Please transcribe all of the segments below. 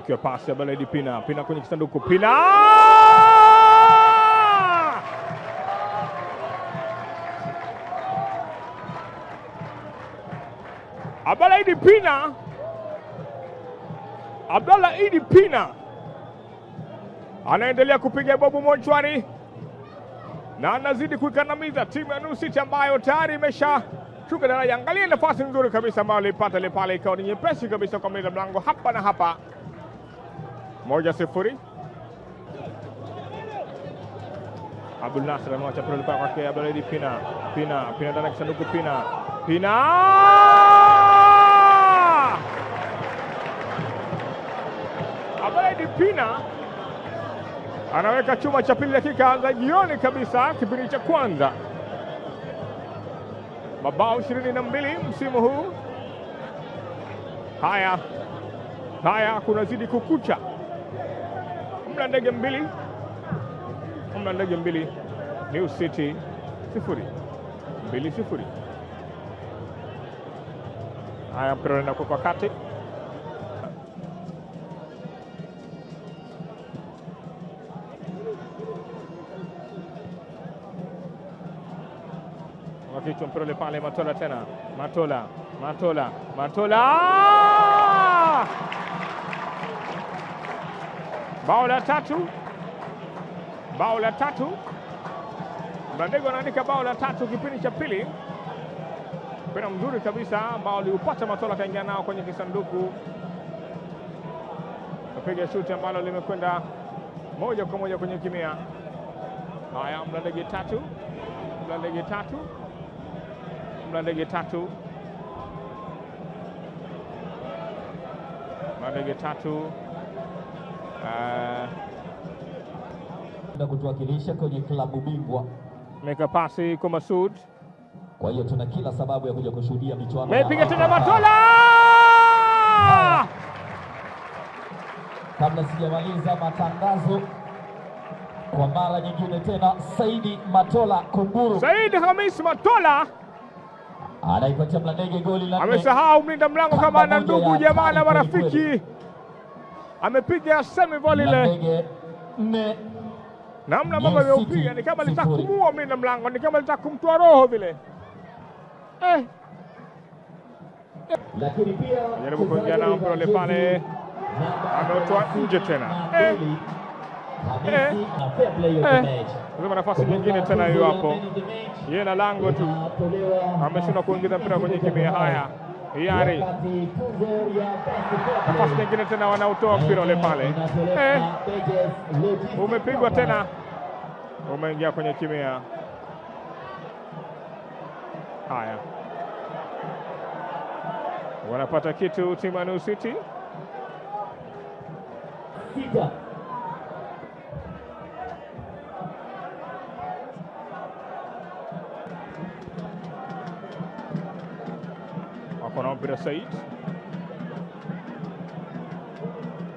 ikiwa pasi ya Beledi Pina, Pina kwenye kisanduku, Pina Abdalla Idi Pina, Abdalla Idi Pina anaendelea kupiga bobu Mochwari na anazidi kuikandamiza timu ya New City ambayo tayari imesha shuka daraja. Angalia nafasi nzuri kabisa ambayo alipata ile pale, ikawa ni nyepesi kabisa kwa meza mlango hapa na hapa moja sifuri. Abdul Nasr amwacha pale pale kwake Abdulhadi Pina. Pina, Pina ndani ya kisanduku Pina. Pina! Abdulhadi Pina anaweka chuma cha pili dakika za jioni kabisa kipindi cha kwanza. Mabao ishirini na mbili msimu huu. Haya haya kunazidi kukucha. Hamna ndege mbili, na ndege mbili, New City sifuri mbili sifuri. Haya, mpira unaenda kwa kati wakichwa mpira ule pale, Matola tena, Matola Matola Matola bao la tatu, bao la tatu. Mlandege anaandika bao la tatu kipindi cha pili. Mpira mzuri kabisa ambao aliupata Matola, akaingia nao kwenye kisanduku, kapiga shuti ambalo limekwenda moja kwa moja kwenye kimia. Haya, Mlandege tatu, Mlandege tatu, Mlandege tatu, Mlandege tatu Uh, na kutuwakilisha kwenye klabu bingwa. Meka pasi kwa Masud. Kwa hiyo tuna kila sababu ya kuja kushuhudia michuano. Mepiga tena Matola. Kabla sijamaliza matangazo kwa mara nyingine tena Saidi Matola Kunguru. Saidi Hamis Matola anaipatia Mlandege goli la Amesahau mlinda mlango kama ana ndugu jamaa na marafiki amepiga semi semivolley ile namna ambavyo ameupiga ni kama litaka kumuua na mlango, ni kama litaka kumtoa roho vile eh. Lakini pia Jaribu kuingia nao mpira ule pale, ameutoa nje tena eh. Eh. eh. nafasi nyingine tena hiyo hapo, yeye na lango tu ameshindwa kuingiza mpira kwenye kimia haya Hiari nafasi nyingine tena, wanautoa mpira ule pale, eh, umepigwa tena, umeingia kwenye kimea. Haya, wanapata kitu Timamu City. wako na mpira Said,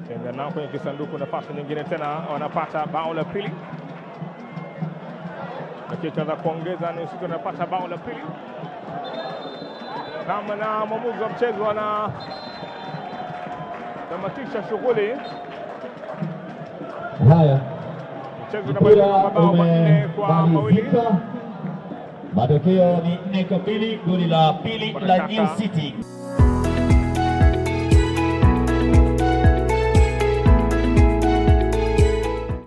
tembea nao kwenye kisanduku, nafasi nyingine tena, wanapata bao la pili. Dakika za kuongeza nusu, wanapata bao la pili kama na mwamuzi wa mchezo tamatisha shughuli. Haya, mchezo unabadilika mabao manne kwa mawili. Matokeo ni nne kwa mbili, goli la pili la New City.